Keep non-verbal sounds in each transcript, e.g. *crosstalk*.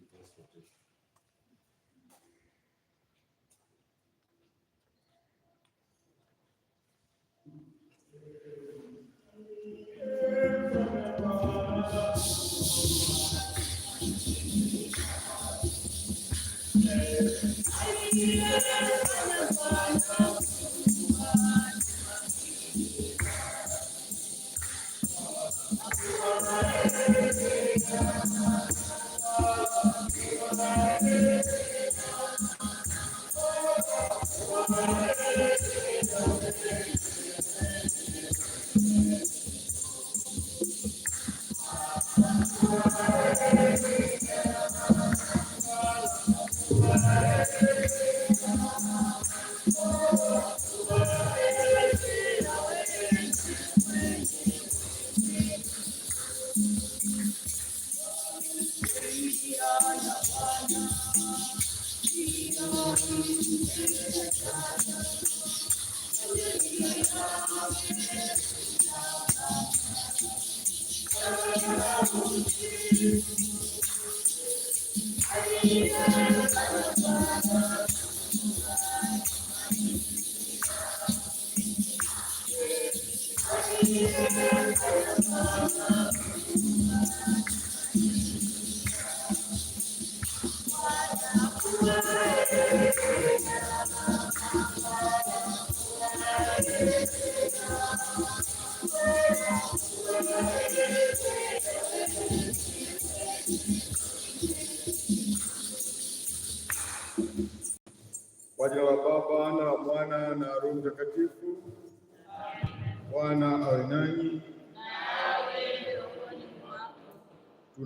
і присвятити. Thank you.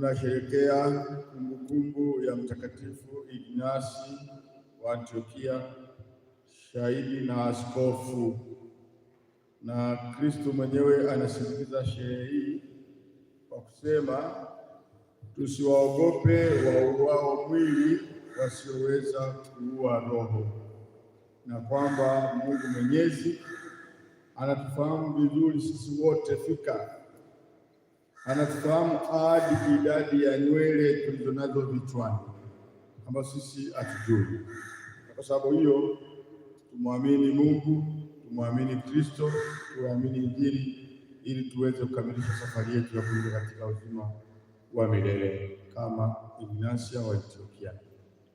tunasherekea kumbukumbu ya Mtakatifu Ignasi wa Antiokia, shahidi na askofu, na Kristo mwenyewe anasisitiza sherehe hii kwa kusema, tusiwaogope wauao mwili wasioweza kuua roho, na kwamba Mungu Mwenyezi anatufahamu vizuri sisi wote fika anafahamu hadi idadi ya nywele tulizonazo vichwani, ambayo sisi hatujui. Kwa sababu hiyo, tumwamini Mungu, tumwamini Kristo, tuamini Injili ili tuweze kukamilisha safari yetu ya kuingia katika uzima wa milele kama Ignasia wa Antiokia.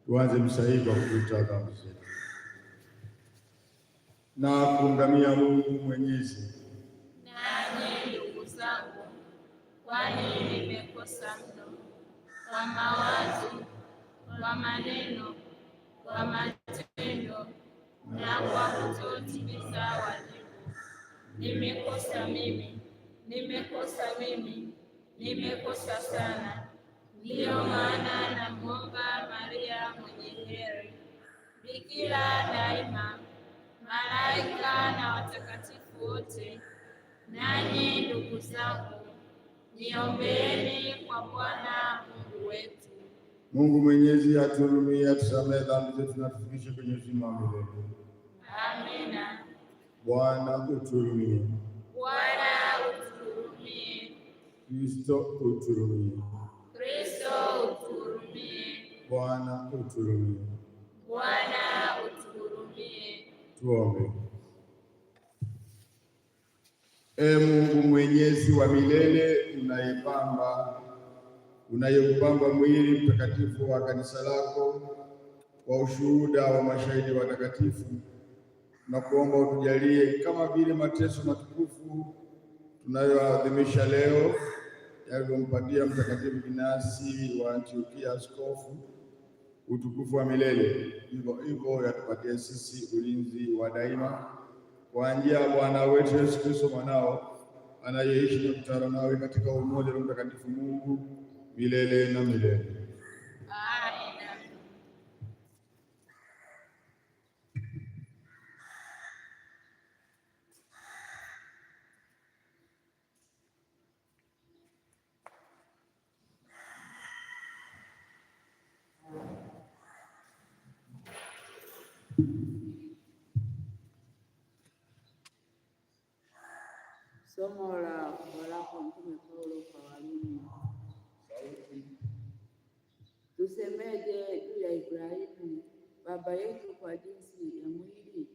Tuanze misa hii kwa kutuita dhambi zetu na kumdamia Mungu Mwenyezi. Nanyi ndugu zangu kwani nimekosa mno kwa mawazo, kwa maneno, kwa matendo na kwa kutotimiza wajibu. Nimekosa mimi, nimekosa mimi, nimekosa sana. Ndiyo maana namwomba Maria mwenye heri, bikira daima, malaika na watakatifu wote, nanyi ndugu zangu Niombeeni kwa Bwana Mungu wetu. Mungu Mwenyezi atuhurumie, atusamehe dhambi zetu na tufikishe kwenye uzima wa milele. Amina. Bwana utuhurumie. Bwana utuhurumie. Kristo utuhurumie. Kristo utuhurumie. Bwana utuhurumie. Bwana utuhurumie. Tuombe. E Mungu mwenyezi wa milele, unayepamba unayeupamba mwili mtakatifu wa kanisa lako kwa ushuhuda wa mashahidi watakatifu, na kuomba utujalie kama vile mateso matukufu tunayoadhimisha leo yalivyompatia Mtakatifu Ignasi wa Antiokia askofu utukufu wa milele, hivyo hivyo yatupatie sisi ulinzi wa daima kwa njia ya Bwana wetu Yesu Kristo mwanao anayeishi na kutawala nawe katika umoja wa Mtakatifu Mungu milele na milele. Somo la waraka Mtume Paulo kwa Warumi. Tusemeje juu ya Ibrahimu baba yetu kwa jinsi ya mwili?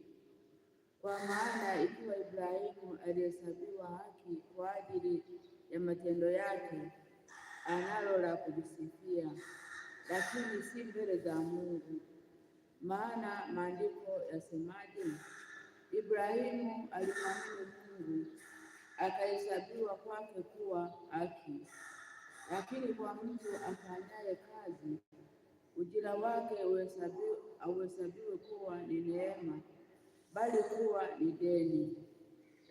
Kwa maana ikiwa Ibrahimu alihesabiwa haki kwa ajili ya matendo yake, analo la kujisifia, lakini si mbele za Mungu. Maana maandiko yasemaje? Ibrahimu alimwamini Mungu akahesabiwa kwake kuwa haki. Lakini kwa mtu afanyaye kazi, ujira wake auhesabiwe kuwa ni neema, bali kuwa ni deni.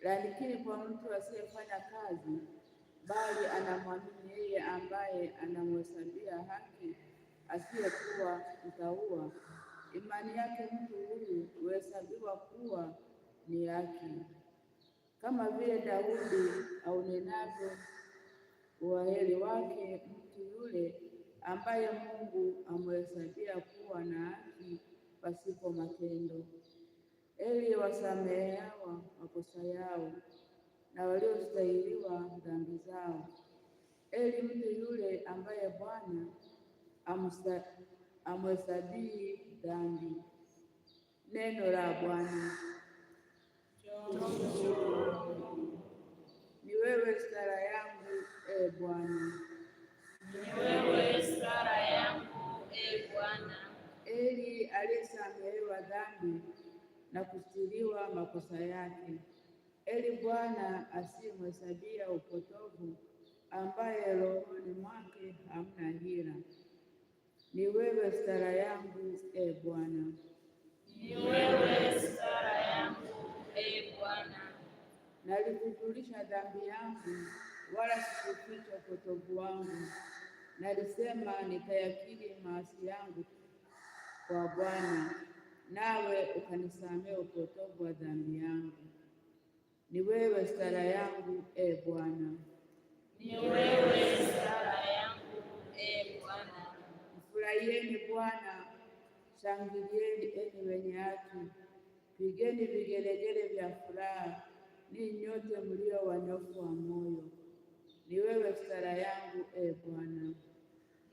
Lakini kwa mtu asiyefanya kazi, bali anamwamini yeye ambaye anamhesabia haki asiyekuwa mtauwa, imani yake mtu huyu huhesabiwa kuwa ni haki kama vile Daudi aunenavyo uwaheri wake mtu yule ambaye Mungu amhesabia kuwa na haki pasipo matendo. Eli wasamehewa makosa yao na waliostahiliwa dhambi zao. Eli mtu yule ambaye Bwana amhesabii dhambi. Neno la Bwana wewe stara yangu e Bwana, ni wewe sala yangu e Bwana. Eli aliyesamehewa dhambi na kustiriwa makosa yake, Eli Bwana asiyemhesabia upotovu, ambaye rohoni mwake hamna hila. Ni wewe sala yangu e Bwana, ni wewe sala yangu e Bwana. Nalikujulisha dhambi yangu, wala sikuficha upotovu wangu. Nalisema nikayakiri maasi yangu kwa Bwana, nawe ukanisamea upotovu wa dhambi yangu. Ni wewe sala yangu, e Bwana, ni wewe sala yangu, e Bwana. Mfurahieni Bwana, shangilieni enyi wenye haki, pigeni vigelegele vya furaha ninyi nyote mlio wanyofu wa moyo. Ni wewe sara yangu, e Bwana,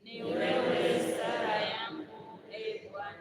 ni wewe sara yangu, e Bwana.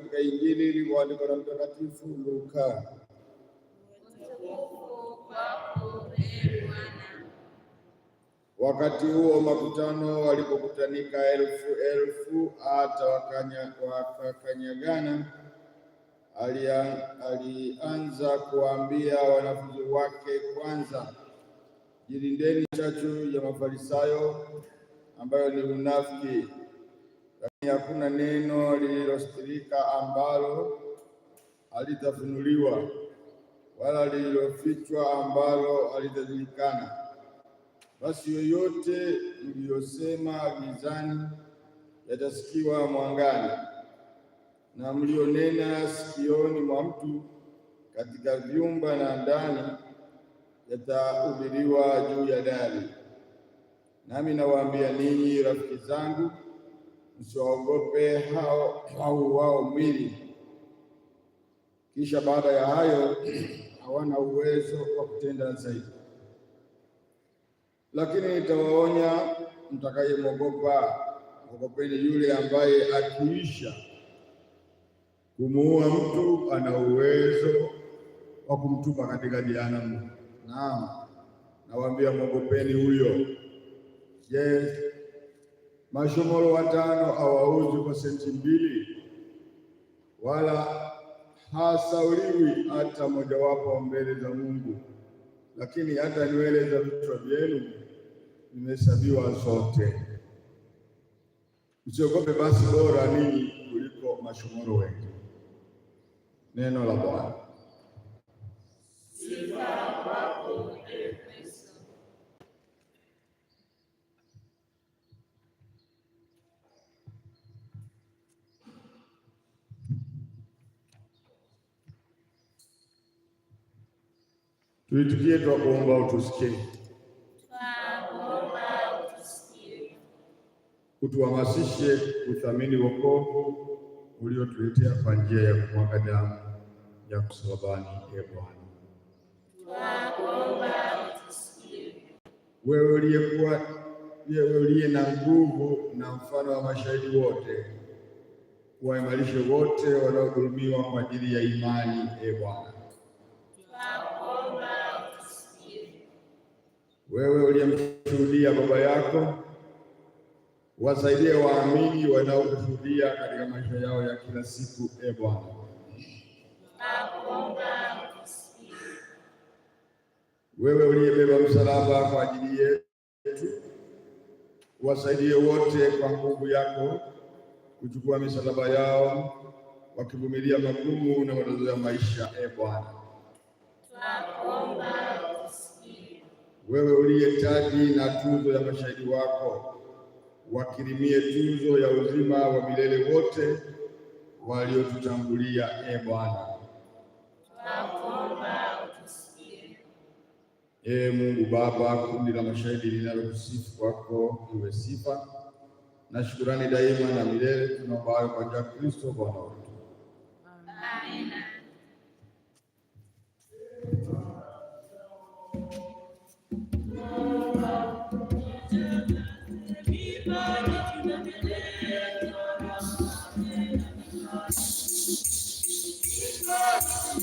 katika Injili ilivyoandikwa na Mtakatifu Luka. Wakati huo makutano walipokutanika elfu elfu hata wakakanyagana, alianza kuwaambia wanafunzi wake, kwanza jilindeni chachu ya Mafarisayo ambayo ni unafiki lakini hakuna neno lililostirika ambalo halitafunuliwa wala lililofichwa ambalo halitajulikana. Basi yoyote mliyosema gizani yatasikiwa mwangani, na mlionena sikioni mwa mtu katika vyumba na ndani yatahubiriwa juu ya dari. Nami nawaambia ninyi rafiki zangu msiwaogope hao wao mwili. Kisha baada ya hayo *clears throat* hawana uwezo wa kutenda zaidi. Lakini nitawaonya mtakayemwogopa, mwogopeni yule ambaye akiisha kumuua mtu ana uwezo wa kumtupa katika jehanamu. Naam, nawaambia mwogopeni huyo. Je, yes mashomoro watano awauzi kwa senti mbili, wala hasauliwi hata mojawapo mbele za Mungu, lakini hata nywele za vichwa vyenu zimehesabiwa zote. Msiogope basi, bora ninyi kuliko mashomoro wengi. Neno la Bwana. Tuitikie, kuomba utusikie, utuhamasishe kuthamini wokovu uliotuletea kwa njia ya kumwaga damu ya kusalabani. E Bwana, wewe uliyekuwa wewe uliye na nguvu na mfano wa mashahidi wote, waimarishe wote wanaodhulumiwa kwa ajili ya imani. E Bwana, Wewe uliyemshuhudia baba yako, wasaidie waamini wanaokushuhudia katika maisha yao ya kila siku. E Bwana, wewe uliyebeba msalaba kwa ajili yetu, wasaidie wote kwa nguvu yako kuchukua misalaba yao wakivumilia magumu na matatizo ya maisha. E Bwana, tunakuomba wewe uliye taji na tuzo ya mashahidi wako, wakirimie tuzo ya uzima wa milele wote waliotutangulia. E Bwana, tunakuomba utusikie. E Mungu Baba, kundi la mashahidi linalokusifu kwako liwe sifa na shukurani daima na milele, tunaomba kwa njia ya Kristo Bwana.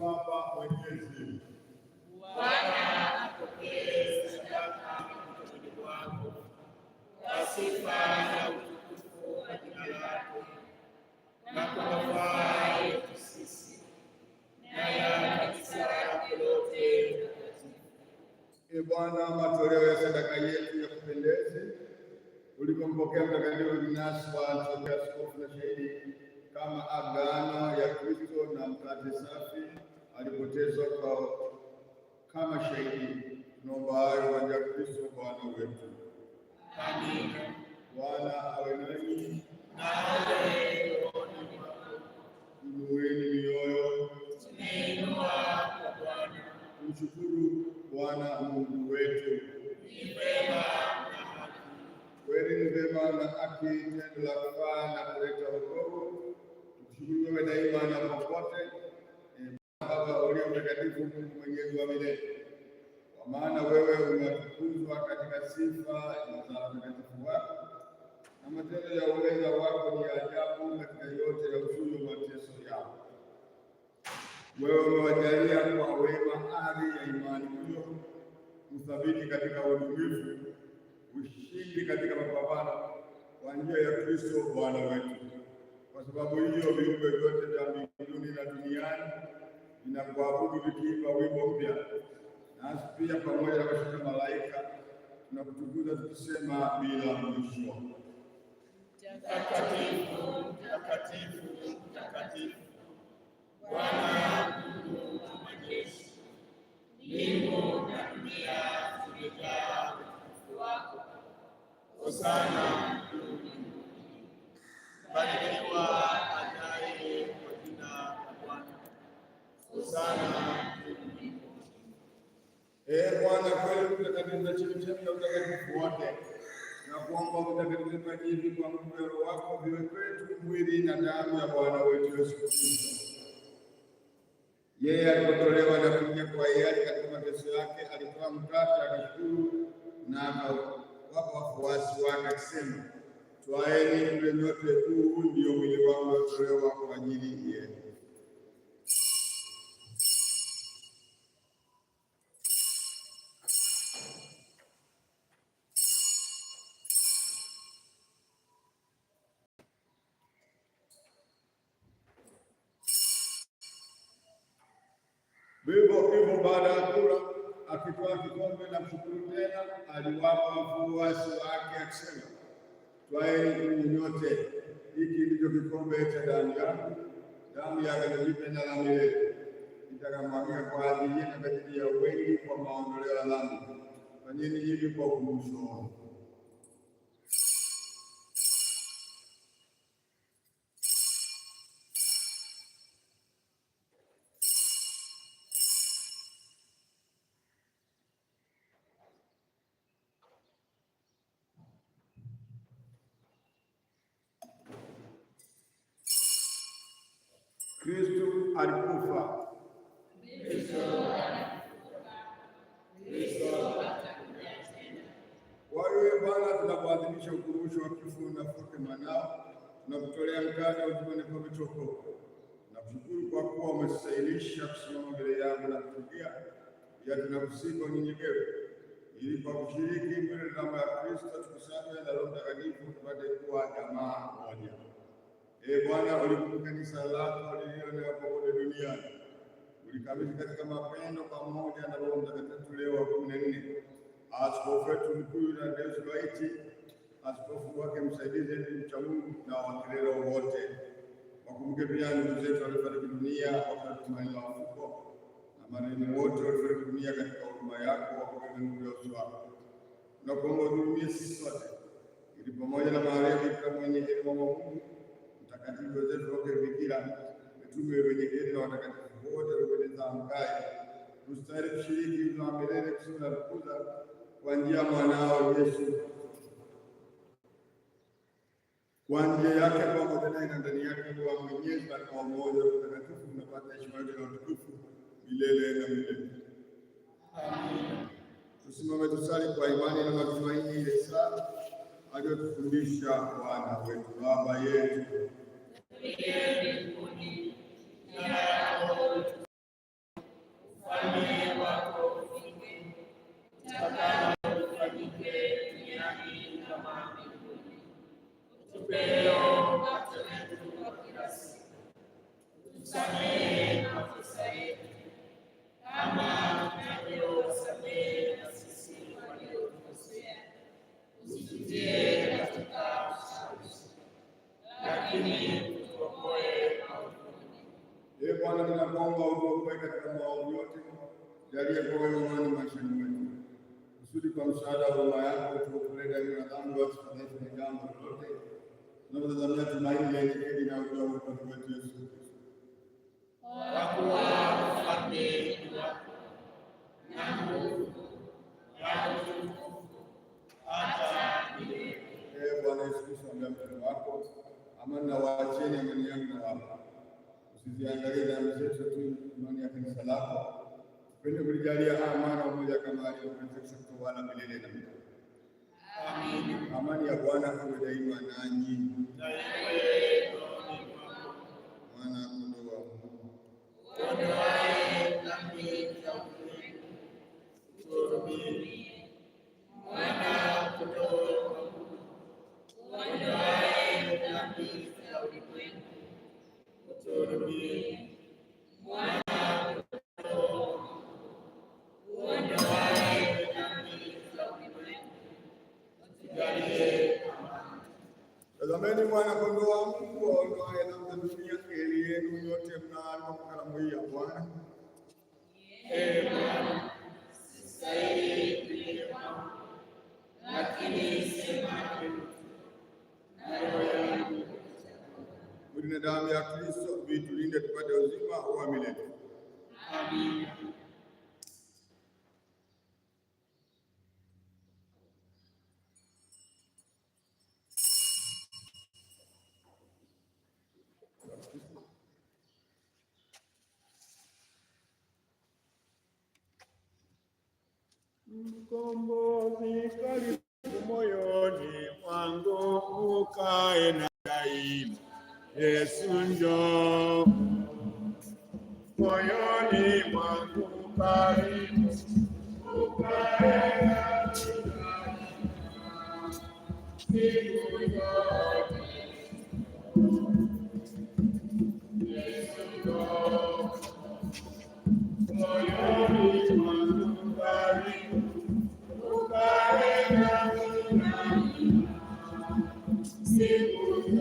Baba, kumpokea Mtakatifu Ignasi wa Antiokia, askofu na shahidi, kama agano ya Kristo na mkate safi alipotezwa kwa kama shahidi. Tunaomba hayo waja Kristo Bwana wetu. Amina. Bwana awe nanyi. Nawe. Wewe daima na popote eh, Baba ulio mtakatifu, Mungu mwenyezi wa milele, kwa maana wewe unatukuzwa katika sifa za utakatifu wako, na matendo ya uweza wako ni ajabu katika yote ya uzuri wa mateso yao. Wewe umewajalia kwa wema ari ya imani hiyo, uthabiti katika uadilifu, ushindi katika mapambano, kwa njia ya Kristo Bwana wetu. Kwa sababu hiyo viumbe vyote vya mbinguni na duniani vinakuabudu vikiimba wimbo mpya, nasi pia pamoja na washuka malaika tunakutukuza tukisema bila mwisho, takatifu, takatifu, takatifu Bwana Mungu wa majeshi, mbingu na dunia zimejaa utukufu wako. Hosana. Barikiwa ajaye kwa jina la Bwana. Hosana. Ee Bwana kweli utakatifu, chemchemi ya utakatifu wote, na kuomba utakatifu majivu kwa nguvu ya Roho wako viwe kwetu mwili na damu ya Bwana wetu Yesu Kristo. Yeye alipotolewa na kuingia kwa hiari katika mateso yake, alitoa mkate akashukuru na akawapa wafuasi wake akisema twaeni mle nyote, huu ndio mwili wangu watolewa kwa ajili yenu. Vivyo hivyo baada ya kula, akitwaa kikombe na kushukuru tena, aliwapa wafuasi wake akisema Twaeni ninyi nyote hiki ndicho kikombe cha damu yangu, damu ya agano jipya na la milele, itakayommwagika kwa ajili yenu kwa ajili ya wengi kwa maondoleo ya dhambi. Fanyeni hivi kwa ukumbusho wangu. katika mitoko. Nakushukuru kwa kuwa umesahilisha kusimama mbele yangu na kutubia ya tunakusifu unyenyekevu, ili kwa kushiriki mbele namba ya Kristo tukusanywe na Roho Mtakatifu tupate kuwa jamaa moja. Ee Bwana, ulikuwa kanisa lako lilioenea popote duniani ulikabidhi katika mapendo pamoja na Roho Mtakatifu Leo wa kumi na nne, askofu wetu mkuu na Irenaeus Lwaiti, askofu wake msaidizi mcha Mungu na wakilelo wote Wakumbuke pia ndugu zetu waliofariki dunia wakati wa tumaini la ufufuko na marehemu wote waliofariki dunia katika huduma yako, wakumbuke nuru ya uso wako. Tunakuomba utuhurumie sisi sote, ili pamoja na marehemu kila mwenye heri wa Mungu mtakatifu wezetu wote Bikira mitume wenye heri na watakatifu wote walioeneza mkae tustahili kushiriki na milele kusudi la kukuza kwa njia ya mwanao Yesu kwa nje yake pamoja naye na ndani yake huwa mwenyezi katika umoja mtakatifu, unapata heshima yote na utukufu milele na milele. Amina. Tusimame tusali kwa imani na matumaini ile saa aliyotufundisha Bwana wetu. Baba yetu Bwana, tunakuomba utuokoe katika maovu yote, jalie kwa wewe imani maishani mwetu, kusudi kwa msaada wa huruma yako tuokolee daima na dhambi, wasitudhalilishe na jambo lolote, tunatazamia tumaini lenye heri na ujao wa Bwana wetu Yesu Kristo, kwa kuwa ufalme wako na nguvu na utukufu hata milele. Ee Bwana Yesu Kristo, ambia mtoto wako amani na waacheni, amani yangu nawapa usiziangalie dhambi zetu tu, imani ya kanisa lako pende kulijalia amani umoja, kama alivyowezesha kutawala milele na milele. Amina. Amani ya Bwana iwe daima nanyi. Mwana kondoo wa Mungu dhambi za ulimwengu mkombozi karibu moyoni mwangu ukae na daima. Yesu njoo moyoni mwangu karibu ukae na daima. Син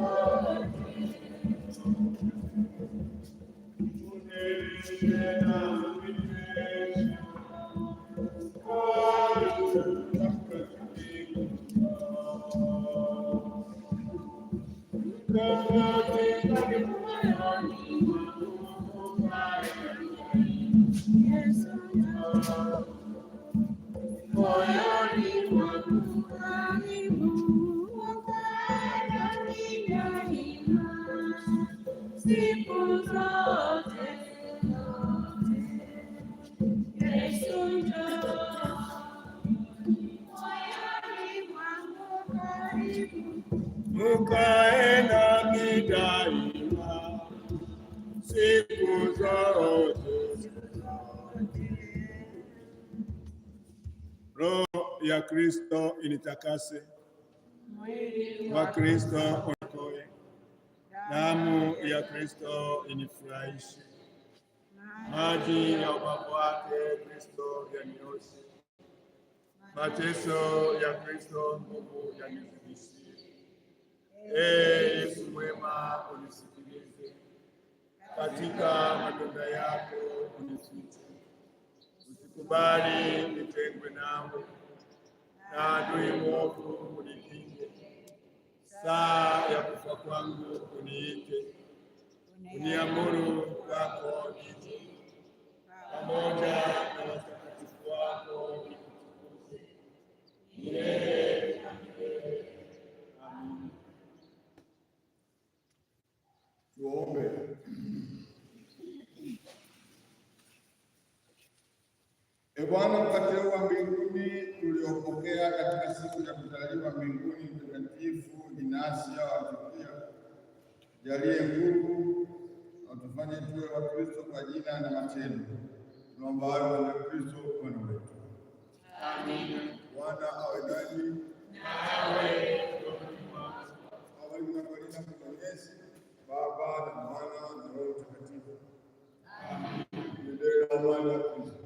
ukae nami siku zote. Roho ya Kristo initakase, wa Kristo unikoe, damu ya Kristo inifurahishe, maji ya ubavu wake Kristo yanioshe, mateso ya Kristo nguvu ya Ee Yesu mwema, unisikilize, katika matunda yako unifiche. Usikubali nitengwe nawe, na adui mwovu unipinge. Saa ya kufa kwangu uniite, uniamuru kwako nije pamoja majina na matendo. Tunaomba hayo Bwana Kristo Bwana wetu. Amina. Bwana awe nanyi aweaaliaonyezi Baba na Mwana na Roho Mtakatifu. Amina.